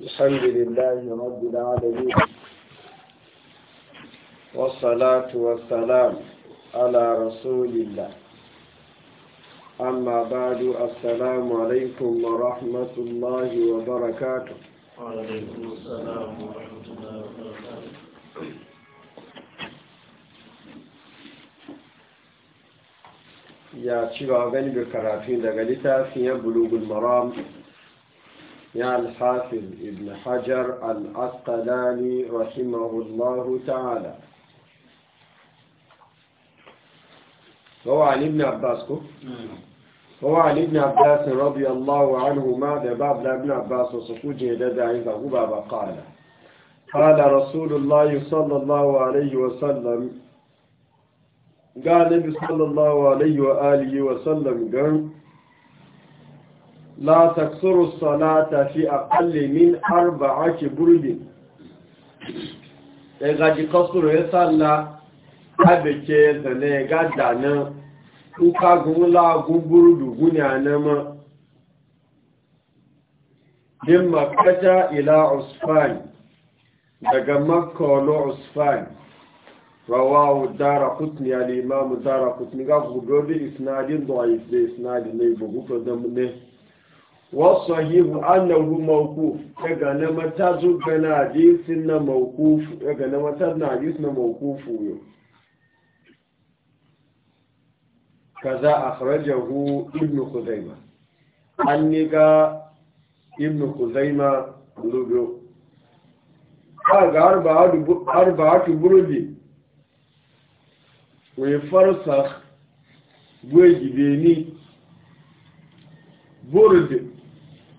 الحمد لله رب العالمين والصلاة والسلام على رسول الله أما بعد السلام عليكم ورحمة الله وبركاته وعليكم السلام ورحمة الله وبركاته يا شباب gaba gani da في بلوغ المرام يا الحافظ ابن حجر الأسقلاني رحمه الله تعالى هو عن ابن عباس نعم. هو عن ابن عباس رضي الله عنه ماذا باب ابن عباس وصفوجه لدى عند بابا قال قال رسول الله صلى الله عليه وسلم قال النبي صلى الله عليه وآله وسلم قال la taksuru salata fi aqalli min arba'ati burbin e gaji kasuru ya salla abeke da ne ga dana kuka gumula gumburudu gunya na ma din makata ila usfan daga makka wani usfan rawahu dara kutni al-imam dara kutni ga gudobi isnadin da isnadin ne bugu to da ne wasahihu annahu mawquf daga na matazu gana hadisin na mawquf daga na matazu na hadis na mawqufu kaza akhrajahu ibn khuzaimah anniga ibn khuzaimah rubu kaga arba'atu arba'atu burudi wa farsakh bwe gibeni burudi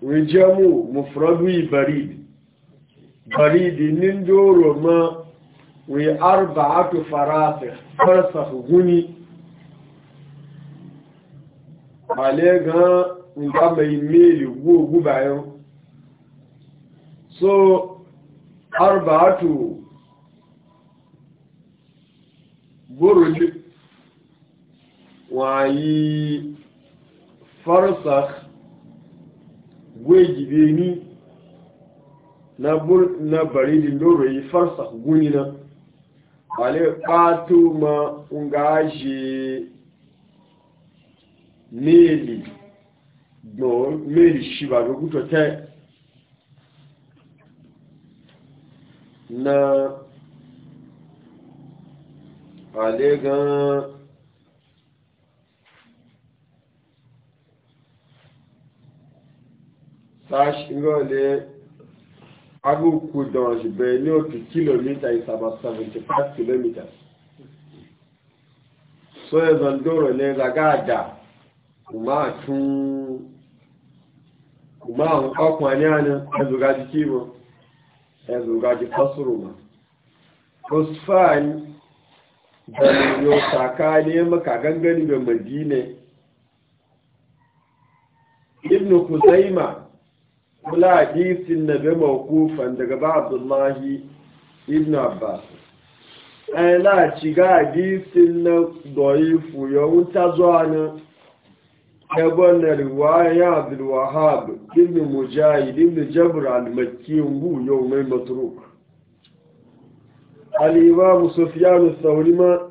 rijamu mufradu baridi baridi ni doro ma wi arba'atu farasih farsakh guni ale gan nga mai meli wo gubayo so arba'atu buruj wa yi farsakh gwegibe ni na baridin loro yi farsa gunina wale pato ma ngaje meli no meli shiba lokuto te na ale gan ìrọ̀lẹ́ agogo dọ̀rọ̀ṣì bẹ̀rẹ̀ ní òkè kìlómítà is about 75 kilometers so ẹ̀zọ̀n dọ̀rọ̀ ní ragada kùmá ọkùnrin àná ẹzùgájì kíwọ ẹzùgájì kọsùrùmá kọsùfáàní bẹ̀rẹ̀ yóò sàká ní maka gangani ga madina ibn kusaima kula hadisin na bai mawkufan daga ba abdullahi ibn abbas an la ci ga hadisin na doifu ya wuta zuwa na ɗagon na riwaya abdulwahab ibn mujahid ibn jabr al ngu yau mai matruk al-imam sufyan saurima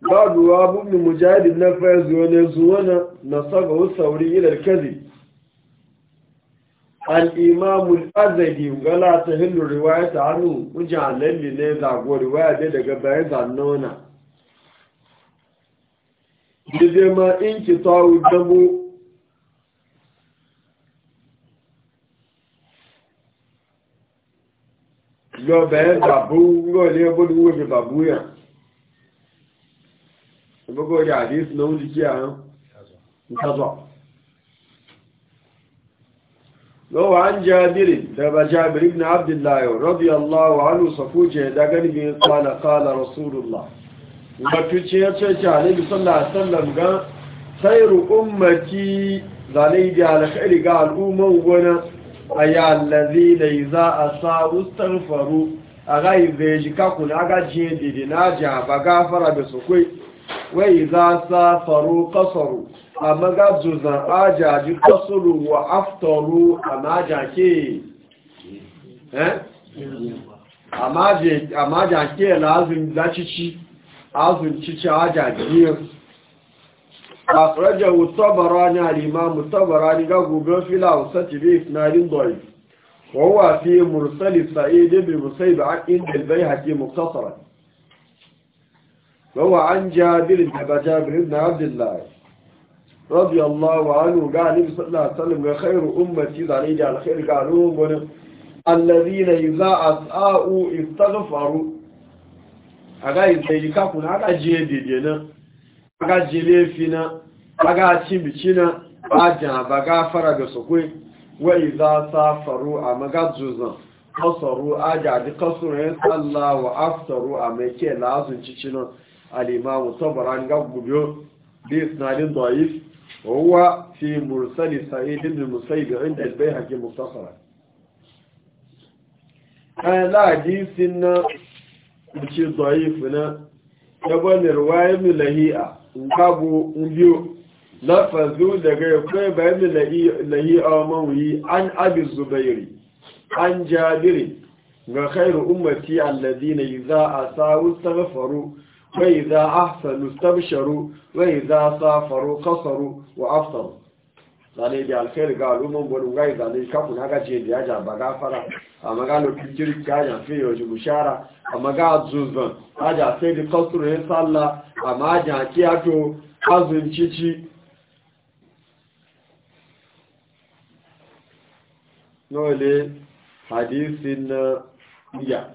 babu wa ibn mujahid na fayz wani zuwa na nasaga sauri ila kazi. al'imamul azadi gala ta hindu riwaya ta hannu wujan lalli ne zago riwaya dai daga bayan zannona jide ma in ki tawo dabo lọ bayan zabo ngole gudu wuce babuya gbogbo da hadis na wuce a yau lọ́wọ́ an jabirin daga jabirin na abdullahi rabi Allah wa hannu daga ni biyu kwana kala ce ya ce ce alibi sallah sallam ga tsairu ummaki zanayi da alkhairi ga al'umman wani a yi allazi da za a sa ustar faru a ra'ayi da ya ji kakun agaji yadda na ji a ba gafara da su kwai wai za sa faru kasaru a magazuzan ajaji kasuru wa aftaru a majake a majake lazin lacici azun cici ajajiyar a tsarajen mutabara ni alima mutabara ni ga gugun fila wasati bai isnadin dori wawa fi mursali sa'idi bi musai da akin dalbai haƙi muktasara wawa an jabirin daga jabirin na abdullahi radiyallahu anhu ga annabi sallallahu alaihi wasallam ga khairu ummati zane da alkhair ga ruwan gwanin allazina aga izai kafu aga je dede na aga je lefi na aga cibici na ajan ba gafara ga sokwe wa sa faru a magajuzan kasaru aja di kasuru ya tsalla wa a mai ke lazun cicinan alimamu saboda ga gubiyo bi isnadin وهو في مرسل سعيد بن المسيب عند البيهقي مختصرا أنا لا مش مشي ضعيفنا يبون رواية من لهيئة نقابوا نبيو نفذوا لغير قيبة من لهيئة موهي عن أبي الزبيري عن جابر وخير أمتي الذين إذا أساوا استغفروا وإذا أحسنوا استبشروا وإذا سافروا قصروا وأفطروا zane da alkhairi ga al'umman gwanin gai zane kafin haka ce da ya ba gafara a maganar kirkiri gajan fiye wajen bushara a maga zuzan aja sai da kasurin sallah a majan kiyato azun cici nole hadisin na iya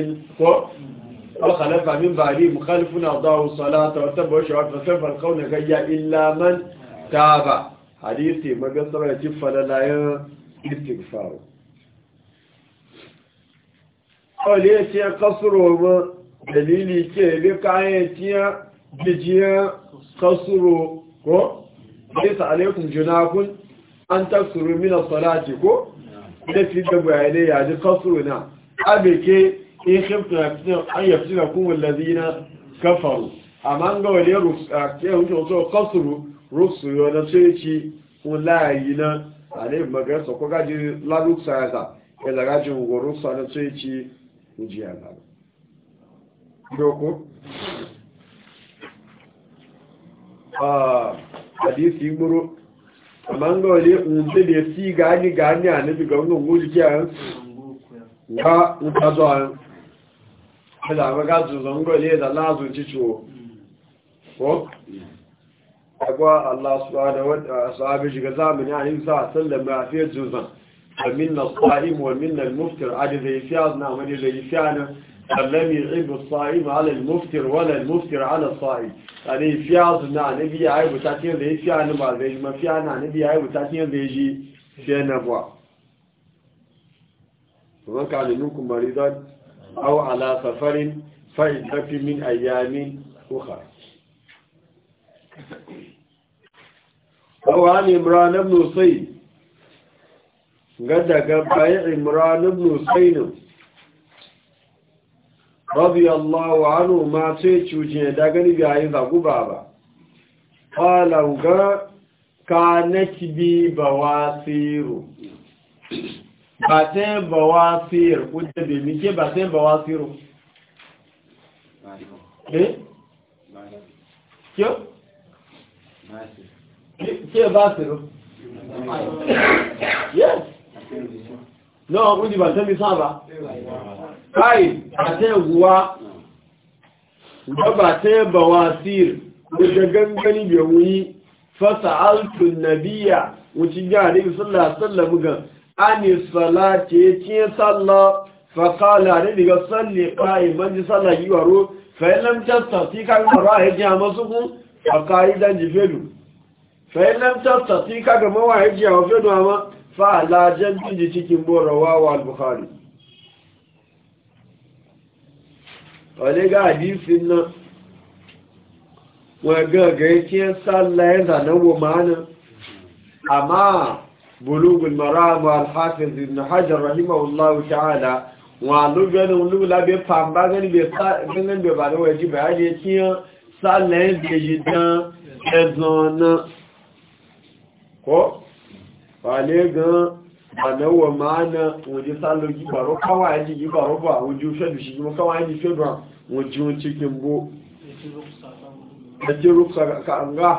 الخلافة من بعد مخالفون أضاعوا الصلاة واتبعوا شعار فسوف القون غيا إلا من تاب حديثي ما قصر يجف على لا يستغفار أولي أشياء قصرهم دليلي كي لك أي أشياء بجياء قصروا ليس عليكم جناب أن تقصروا من الصلاة كو لا في دبو عليه يعني قصرنا أبي كي in khiftu an yafsina kum alladhina kafaru amma ga wale rusa ke hunjo so kasuru rusu yo na ceci wallahi na ale magar so ko gaji la rusa ta ke da gaji go rusa na ceci ujiya ba doko ah hadisi muro amma ga wale unje da si gani gani annabi ga wannan wuji ya ga utazo da ga zuzon gole da lazuci ciwo ko? agwa Allah subhanahu wa ta'ala sahabi shiga zamani a yin sa sallan mai afiyar zuzon wa minna sa'im wa minna al-muftir adi zai fiya na wani zai fiya na sallam yu'ibu sa'im ala al-muftir wala al-muftir ala sa'im ani fiya na nabi ya yi butatin zai fiya na ba zai ma fiya na nabi ya yi butatin zai ji fiya na ba. Zan ka alimin kumari zai أو على سفر فإذا من أيام أخرى أو عن إمران بن سين قد قبع إمران بن سين رضي الله عنه ما تيجوجين داغني بيعين ذاكو بابا قال وقال كانت بي بواسير bàtẹ́ bọ̀wá fíìr ó jẹ́bẹ̀ mi jẹ́ bàtẹ́ bọ̀wá fíìrù kí ẹ ba fíìrù yes náà ó di bàtẹ́ mi sáàbà káì bàtẹ́ wùwá ìjọba tẹ́ bọ̀wá fíìr ó gangani bẹ̀wú yí fasa altun nabiya wucin jihar ibi sallallahu mugan. ani salati ci sallah fa qala ni ga salli qa'iman ji salla yiwaro fa lam tastati ka ga rahe ji amasuku fa qaidan ji fedu fa lam tastati ka ga wa ji awu fedu ama fa la jambi ji cikin borawa wa al-bukhari wale ga hadisin nan wa ga ga ci salla yana nan wa ma'ana amma بلوغ المرام والحافظ ابن حجر رحمه الله تعالى وعلوغن ولولا بفامبغن بفامبغن ببالو يجي بهاجي كيان سالين بيجدان ازون كو فاليغن anawo maana wòjí sálò yíbàró káwà ẹni yíbàró bà wòjí òṣèlú ṣe yíma káwà ẹni ṣe rà wòjí wọn tí kí n bó ta kula kàǹgá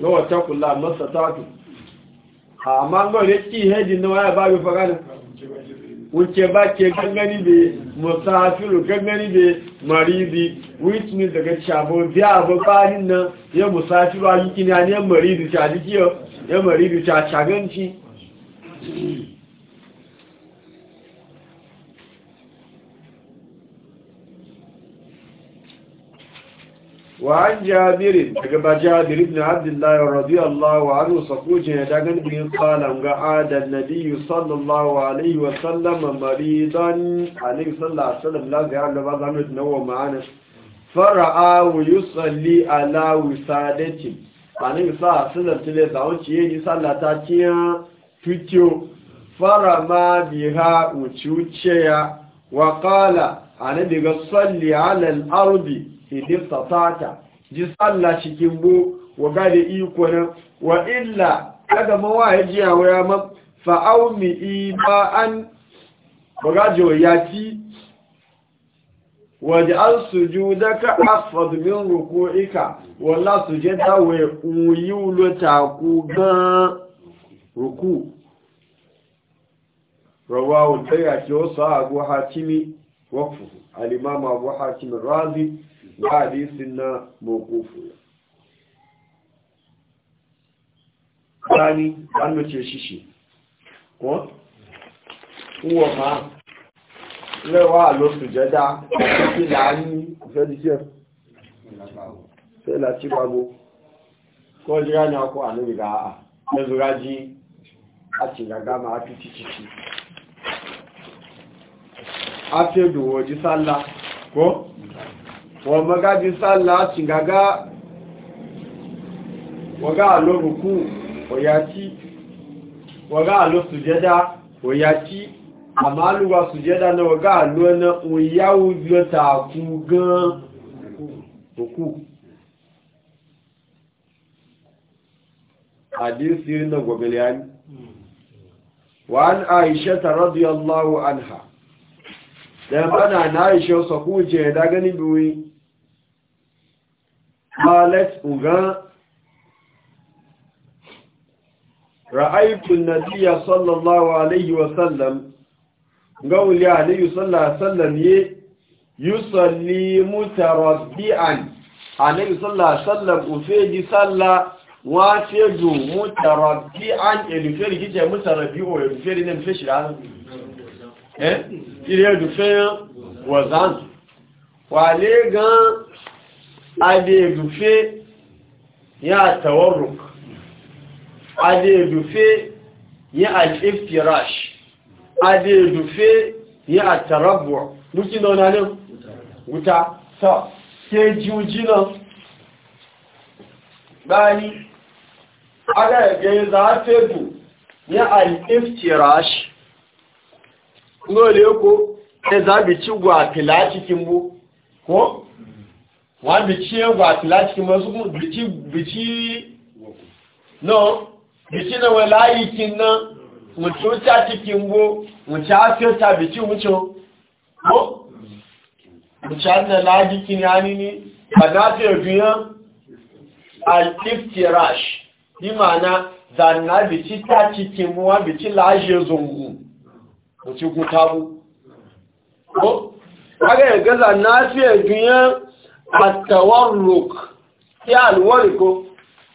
lọ́wọ́ ta tu. amma ga da ki hejin na waya babu fagana wuce ba ke gangani be musafiru gangani be maridi which means daga shabo biya abu banin nan ya musafiru a yi kina ne maridi ta jikiyo ya maridi ta shaganci وعن جابر كما جابر بن عبد الله رضي الله عنه صفوجه دغن بين قال ان عاد النبي صلى الله عليه وسلم مريضا عليه صلى الله عليه وسلم لا غير له بعض نو معنا فرعى يصلي على وسادته عليه صلى الله عليه وسلم تلي زاوچي يي صلاه تاتيا تيو فرما بها وچوچيا وقال انا بيغ صلي على الارض idin satata ji tsalla cikin bu wa gada ikonin wa illa daga mawaye jiya wa ya ma fa'aumi ba an bagajewa ya ci waje an sujuda ka afadmin ruku'ika wala sujada wa uyulu taku gan ruku rawahu tayyaci wasu abu hatimi wakfu al-imam abu hatim razi ba hadisin na mokofu rani an mace shishi ko uwa ma lẹ́wà ló sùjẹ́dá kí láàárín ìfẹ́díṣẹ́ fẹ́lá tí gbogbo kọ́ jíra ní ọkọ̀ àlúrìgá ẹzùra jí àti ìgbàgbà máa fi títí sí a fẹ́ dùwọ̀ jí sálá kọ́ wọ́n mọ́gájí sálà ti gàgá wọ́gá àlórùkú òyàtí wọ́gá àló sùjẹ́dá òyàtí àmàlùwà sùjẹ́dá náà wọ́gá àló ẹ̀nà òyàwó yọta àkú gan òkú àdínsí rínà gbọ̀gbẹ̀lẹ̀ ayé wa'an aisha ta radiyallahu anha da bana na gani قالت أغان رأيت النبي صلى الله عليه وسلم قول يا عليه صلى الله عليه وسلم يصلي متربعا عليه صلى الله عليه وسلم وفيدي صلى وفيدو متربعا يدفير كيف متربع يدفير نمفش العالم إيه يدفير وزان وعليه قال adéèdùfé yá àtàwọ́rùk adéèdùfé yá àtìftirash adéèdùfé yá àtàràbùwà wùkí náà náà náà wùta sọ tí jí ojí náà báyí agagẹ̀gẹ̀ zaafẹ́bù yá àtìftirash ní olè kó ẹzàbìtì gwà pìlá cikin bú kó wọ́n bí tí ó gbà tí láti mọ́ sókún bí tí náà bí tí náà wọ́n láyé kí ná wọ́n tí ó tí a ti kí ń wó wọ́n tí a fi ó a náà láyé kí ní a ní ní pàdánàtì òfihàn al-iftirash ní màánà zanna bí tí tá ti kí mú gaza na fiye duniya àtàwárùk tí àlùwọ́rìkó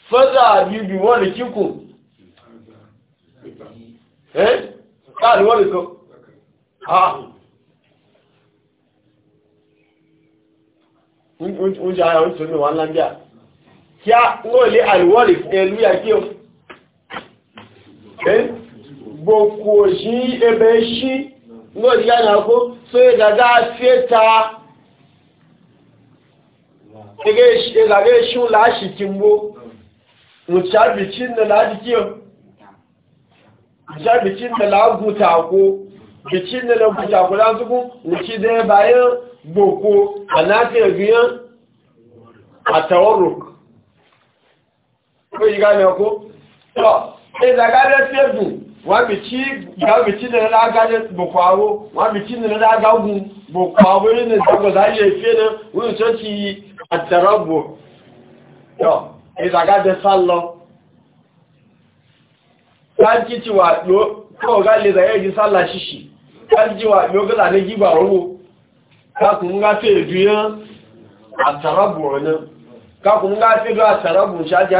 fẹ́dà àbíbì wọ́n lè kíkù ẹ́ àlùwọ́rìkó ha oúnjẹ ara oúnjẹ ní wọ́n lábíà kí a wọ́n lè àlùwọ́rìk ẹ̀lú àkí o ẹ́ gbogbo sí ẹbẹ̀ sí ní òdíyàn ezage shu lashi kimbo mucabicin da lajikiyo mucabicin da laguta ko bicin da laguta ko da zuku muci da bayan boko a nafiya biyan a tawarruk ko yi gane ko? to ezagare fesu wọ́n bí tí gbàgbì boko nìrẹ́lá agájẹ́ bòkwàwó wọ́n bí tí nìrẹ́lá agágún bòkwàwó ne ìdàgbàsáyé ìfẹ́ náà wọ́n tó ti yi. àtẹ̀rọ̀bù yọ ìdàgájẹ sá lọ káàkì ti wà ló kọ́ọ̀gá lè rẹ̀ èjì sá ṣíṣì káàkì wà ló gọ́là ní gígbà owó káàkùn gáfẹ́ ìdúyán àtẹ̀rọ̀bù ọ̀nà káàkùn ń gáfẹ́ lọ àtẹ̀rọ̀bù ṣáájá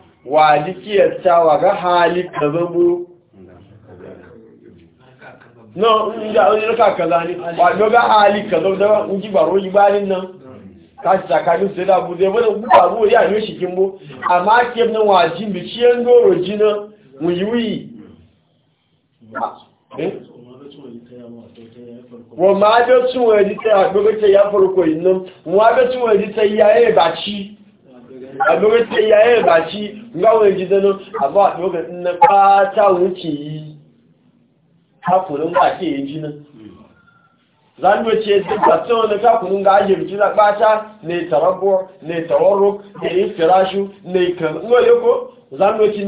wa jikiyar wa ga hali ka no inda kaza wa ga hali ka nan ka da bu ya shi amma ke wuyi wọ́n máa jọ tún wọ́n ẹ̀dí tẹ́ àgbẹ́gbẹ́ tẹ́ yá fọ́rọ̀kọ̀ ìná wọ́n á bẹ́ tún wọ́n ẹ̀dí tẹ́ yá a lokacin yayin ba shi a ba lokacin na fata wuce yi kakunin ba ke yi jinin zanuwa ce duka tsawon na kakunin ga ajiyar jina ɓata ne tarabbo ne tawarruk ne yi firashu ne kan ko zanuwa ce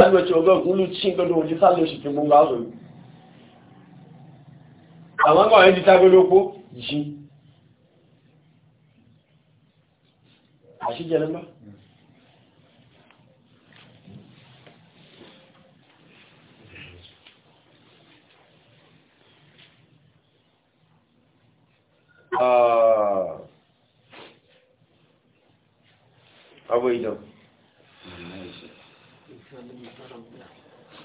láti ọjọ́ ọgọ́ ìkúlù tí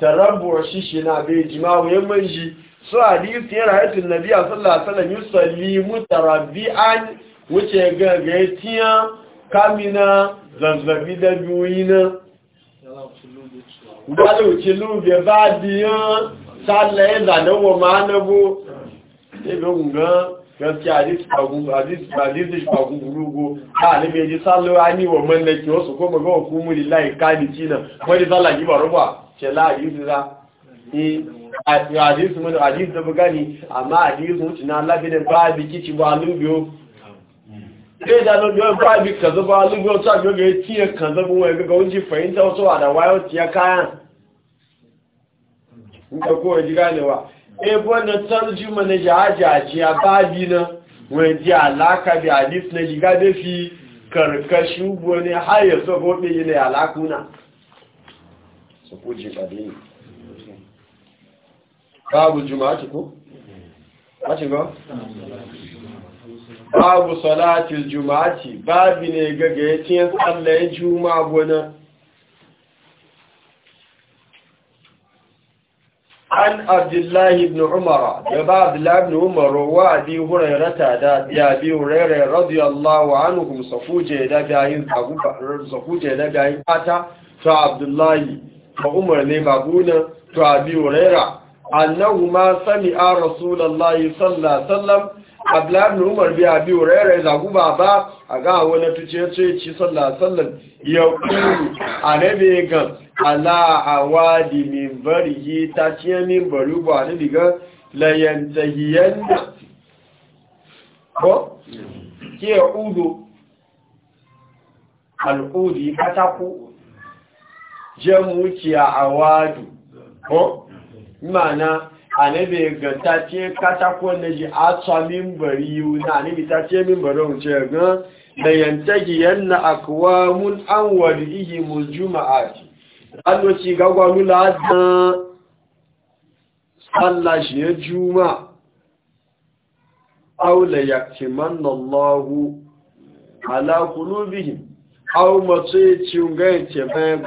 tarabuwar shi shi na bai jima'u yamman man shi su hadisi yana haifin na biya sallasalan yi mutarabbi an wuce tiya kamina zanzabi da biyoyi na gbaliwuce lube ba biyan sallaye zanawa ma'anabo ebe ngan gaske hadisi fagun gurugu ta alimeji sallawa ni wa mallaki wasu kuma ga hukumuri layi kadi cina wani sallaji ba rubuwa ṣẹlá àdíṣúra àdíṣù biyo àdíṣù tó bọ́gá ní àmá àdíṣù ń tìna lábẹ́dẹ̀ báábi biyo ti bọ́ alúgbò léèdánlógbò báábi kàzọ́bọ́ alúgbò tó àgbógbò tí ẹ kàzọ́bọ́ da wayo ó jí fẹ̀yìntẹ́ ó tó àdàwáyọ́ ti ẹ káyàn nígbàkó ẹ̀dí gánẹwà ebo na tarjú mana ba bi na wọn Alaka bi àdíṣù na jìgádé fi karkashin gbọ́ har yẹ sọ́gbọ́ pé yìí na Alakuna. su kuje ɓade babu juma'a ko? wacin ba? babu salatul juma'ati babu ne gaga ya ce tsallaye juma'a gona an abdullahi ibn umar da ba abdullahi ibn umar wa abi hurairata da ya bi hurairai radiyallahu anhu safuje da gayin safuje da gayin fata ta abdullahi ba umar ne Babu magunan to abi huraira annahu ma sami a rasulullahi sallallahu alaihi wasallam ablan umar bi abi huraira da guba ba a ga wani tuce ce ci sallallahu alaihi wasallam ya kuru anabe ga ala awadi min barihi ta ciye min baru ba ni diga la yantahiyanna ko ke udu al'udi kataku jamuciya a wadu ko mana anabi ga ta ce katako na ji a tsamin bari yiwu na anabe ta ce min bari wuce ga da yantagi yanna akwa mun an wari ihe mun juma'a ci alloci gagwa nula da tsalla shi ya juma aula ya kiman allahu ala kulubihim au mace cin gaita bayan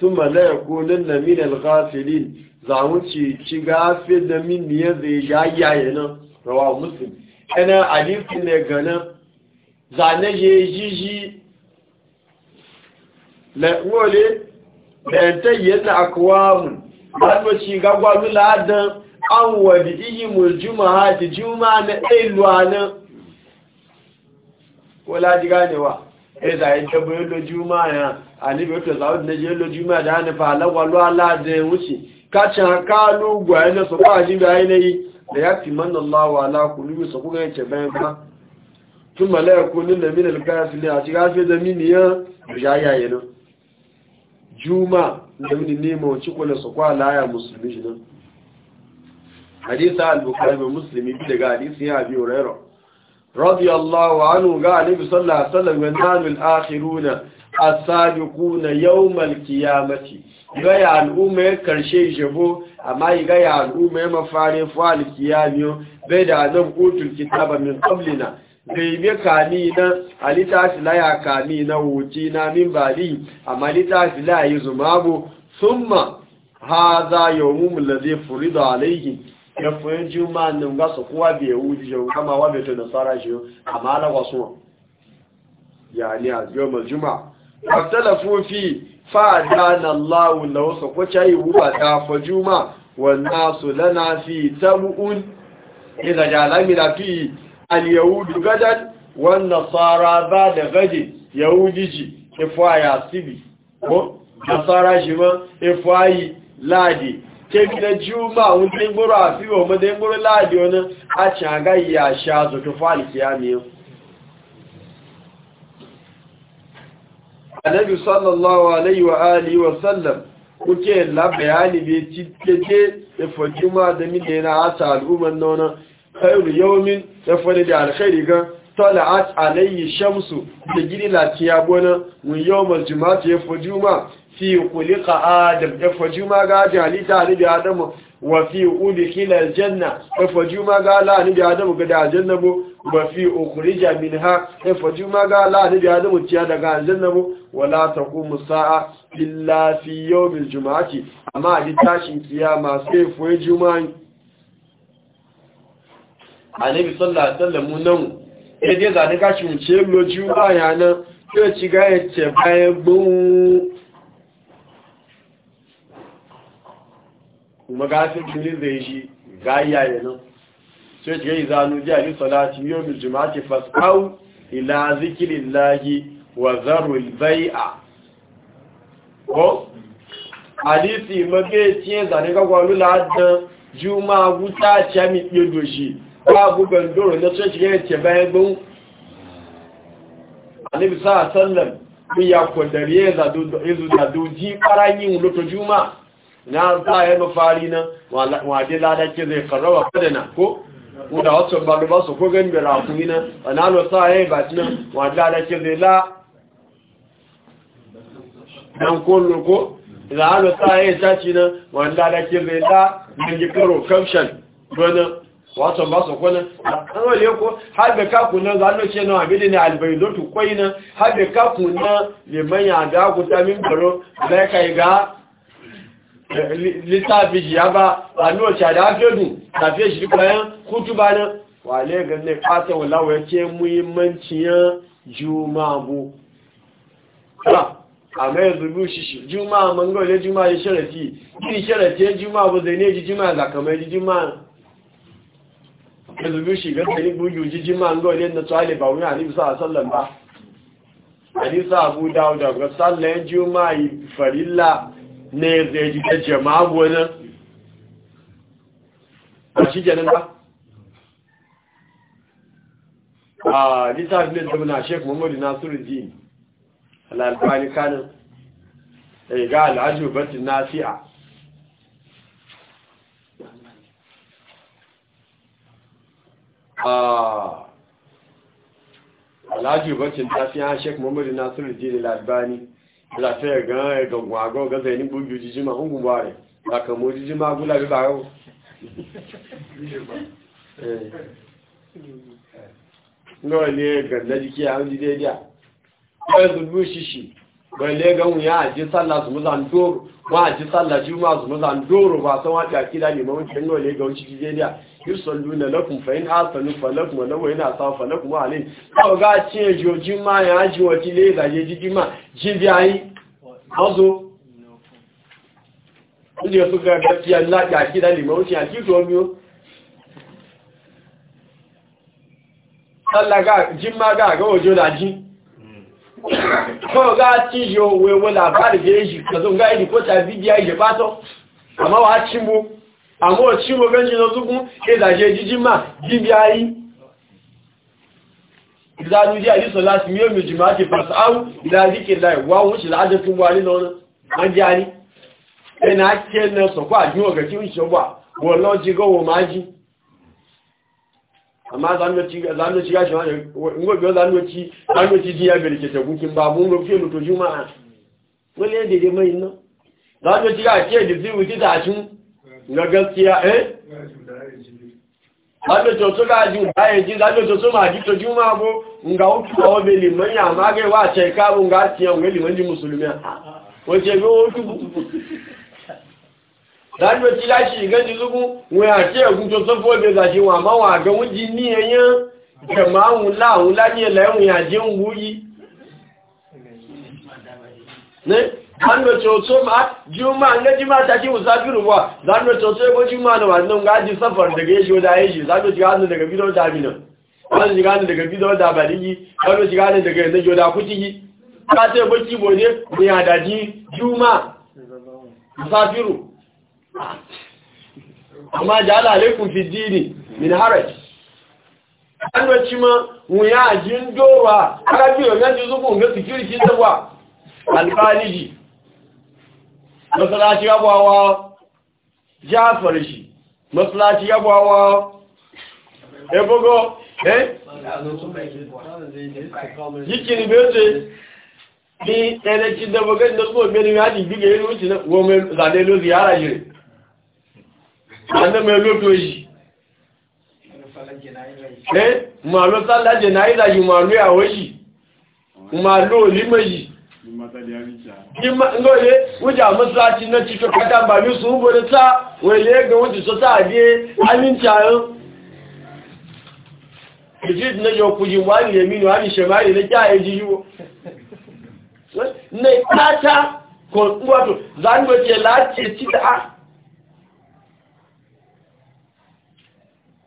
ثم لا يكونن من الغافلين زعمتي تغافل da min ne zai yayaye nan rawa muslim ana alifin ne gana zane je jiji la wole da ta yana akwamu wato ci gagwa ladan an wadi iyi muljuma da juma na ilwana wala ji ganewa eh zai tabbayo da juma'a ya alibi wata zaɓi na jelo juma da hannu fa lagwalo ala da ya wuce kacin kalu gwaye na su ƙwaji da yanayi da ya fi manna lawa ala kulubi su bayan tun su ne a da ya ya juma ma musulmi ga alibi asabiquna yawmal qiyamati gaya al'umma ya karshe jabo amma gaya al'umma ya mafare fa'al qiyamiyo bai da azab kutul kitaba min qablina bai bi kani na alita la ya kani na wuci na min bali amma alita la yi zumabu thumma hadha yawmum ladhi furida alayhi ya fuyin juma nan ga su kowa bai wuce jabo kama wa bai to nasara shi amma la wasu ni a juma'a faktalafu fi fa'adana Allah lahu sakwace yiwu ba ta fajuma wannan su lana fi tabu'un idza jalamina fi al gadan wan nasara ba da gadi yahudiji ifaya sibi ko nasara shi ma ifayi ladi kebile juma un dengoro afi o mo ladi Wani, a chaga ya sha zo to fali annabi sallallahu alaihi wa alihi wa sallam kuke la bayani be cikeke da fajuma da min da yana ata al'umman nona khairu yawmin da fadi da alkhairi ga tala'at alayhi shamsu da gidi latiya gona mun yawmal juma'ati ya fajuma fi khuliqa adam da fajuma ga jalita da adamu wa fi udkhila aljanna da fajuma ga la ni da adamu ga da aljanna bo mafi ukurija min ha ya faji maga la'adu da adamu ciya daga aljannabu wala ta kuma sa'a illa fi yau mil ce amma a ji tashin ma sai fuwe juma'i a nabi sallallahu sallamu nan ya eh dai zane kashi ce lo juma'i nan ya ci ya ce bayan gbun kuma gafin jini zai shi gaya nan sai ce yi zanu ji a yi salati yau mil jima'ati fasau ila zikirin lahi wa zarul bai'a ko hadisi mage tiye zane kagwa lula da juma wuta ce mi ɗe doshi ba gugan doro na sai ce ce bayan gun anibi sa sallam ya kwadari ya zado ji ɓarayin loto juma na za a yi mafari na lada ke zai karrawa kadana ko ko a wasu balu ba su ko gani da rakumi na wani alo sa ya yi ba cinan wadda da ke zai la dan da alo sa ya yi ta cinan wadda da ke zai la na gikaro kamshan wani wato ba su kuna ko har da kaku zano ce ne albaidotu kwai har da kaku da min da ya kai ga littafi ya ba a nuna shada afiyodun tafiye shi yan kutu bayan wale ga zai fata walawa ya ce muhimmanci muhimmanciyar juma'a bu a mai zubu shi juma'a mango ne juma'a ya sharafi yi sharafi ya juma'a bu zai ne ji juma'a za kamar ji juma'a ya zubu shi ga tsari bugu ji juma'a ngo ne na tsali ba wani hannisa a sallan ba hannisa abu dawuda ga sallan juma'a farilla Ne zai ji ta jama'a wani a shi janin ba a littafin da muna shek muhammadu nasiru jini al'albani kanin da eh, ga al'ajiyu batin nasi'a a al'ajiyu batin nasi'a shek muhammadu nasiru jini al'albani láti ẹ̀gán ẹ̀gọ̀gùn àgọ́ ọ̀gọ́sẹ̀ ní gbójú jíjí máa ń gùnbà rẹ̀ àkàmọ̀ jíjí máa gúlà bíbà rẹ̀ lọ́rẹ̀ ní ẹ̀gàn lẹ́jíkí àwọn jíjẹ́ díà ẹ̀ẹ́sùn bí ṣíṣì balle ga mu ya ji sallah su muzan doro ma ji sallah ji ma su muzan doro ba san wata kida ne mawuci kin dole ga wuci je dia yusalluna lakum fa in asanu falakum wa ina alin to ga ci joji ma ya ji wati le da je ji ma ji bi ayi ga kawai ga ci yi owe wani labari da ya shi ka zo ga iri kota bidiya ya bato amma wa ci mu amma wa ci mu ganji na zukun izaje jijin ma bibiya yi ìdánú jẹ́ àyíṣọ́ láti mí omi jùmọ́ ti pàṣẹ áwù ìdáríkè láì wá oún ṣe láàájẹ́ tó wà nínú ọ̀nà wọ́n jẹ́ àrí ẹni àkẹ́ ẹ̀nà sọ̀kọ́ àdínwọ̀gẹ̀ tí ó ń ṣọ́gbà wọ́n lọ́jí gọ́wọ́ máa jí amma zanoci ya shi wani gobe zanoci zanoci jiya bai rike tagukin babu mun rufe mutu juma'a wani yadda dai mai nan zanoci ya ke da zai wuce da shi na gaskiya eh zanoci wasu ga ji da ya ji zanoci wasu ma ji ta juma'a ko nga hutu a wabe liman ya ma gaiwa a caikarun ga tiyan wani liman ji musulmiya wace ga hutu dájúwé tí láṣì ma lógún wọn àti ẹ̀gún tó sọ́fọ́ ẹgbẹ́ ìgbàṣe wọn àmá wọn àgbẹ̀ wọn jí ní ẹyán ìjẹ̀mọ́ àwọn láàrún láyé ẹlẹ́rùn àjẹ́ ń wú yí ní dánúwẹ̀tì ọ̀tọ́ máa jùmọ́ àlẹ́jì máa tàkí ìwòsáfíìrù wà daga ọ̀tọ́ ẹgbẹ́ jùmọ́ àwọn àwọn gájì sọ́fọ̀rọ̀ dẹ̀gẹ́ ṣe ó dá ẹ̀ṣì dánúwẹ̀tì gánú dẹ̀gẹ́ bídọ́ dábìnà wọ́n daga gánú dẹ̀gẹ́ bídọ́ dábàdí yí dánúwẹ̀tì gánú dẹ̀gẹ́ ẹ̀ṣẹ̀ ó dá kútí yí káàtẹ́ ẹgbẹ́ kíbò ní àdàjí jùmọ́ ìsáfíìrù amma jala alaikum fi dini min haraj an wacce ma wuya jin dowa aka biyo ga ji zubu ga security dawa alqaliji masallaci yabawa jafar shi masallaci yabawa ebogo eh, eh? yikini beze ni ẹlẹ́tí na ìdọ́gbọ̀n mẹ́rin rájì gbígbé inú ìtìlẹ̀ na mẹ́rin zàdé ló ziyara àná mi olódò yìí ẹ́ mọ̀ ló sálájẹ̀ náírà yìí ya ló àwọ́ yìí mọ̀ ló olímọ̀ yìí lóòlé wújà mọ́síláti náà ti tó kátà bà ní sùn bó wèlé ẹgbẹ̀ wọ́n ti sọ sáàdé alíntàrán ìjíjì náà yọ kùjì wà ní ní kò ń gbọ́tò láti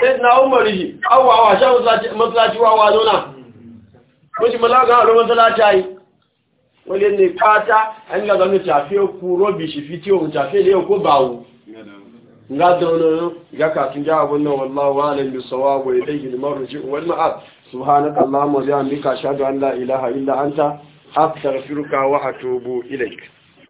sai na umar shi awawa sha matsalaci wawa zona kunshi malaka a roman talata yi wale ne kata an ga zanu tafe ku robi shi fiti wa tafe da yau ko bawo ga daunonin ga kakin ja abun nan wallahu alim bi sawabu ilayhi al-marji wal ma'ad subhanaka allahumma wa bihamdika ashhadu an la ilaha illa anta astaghfiruka wa atubu ilai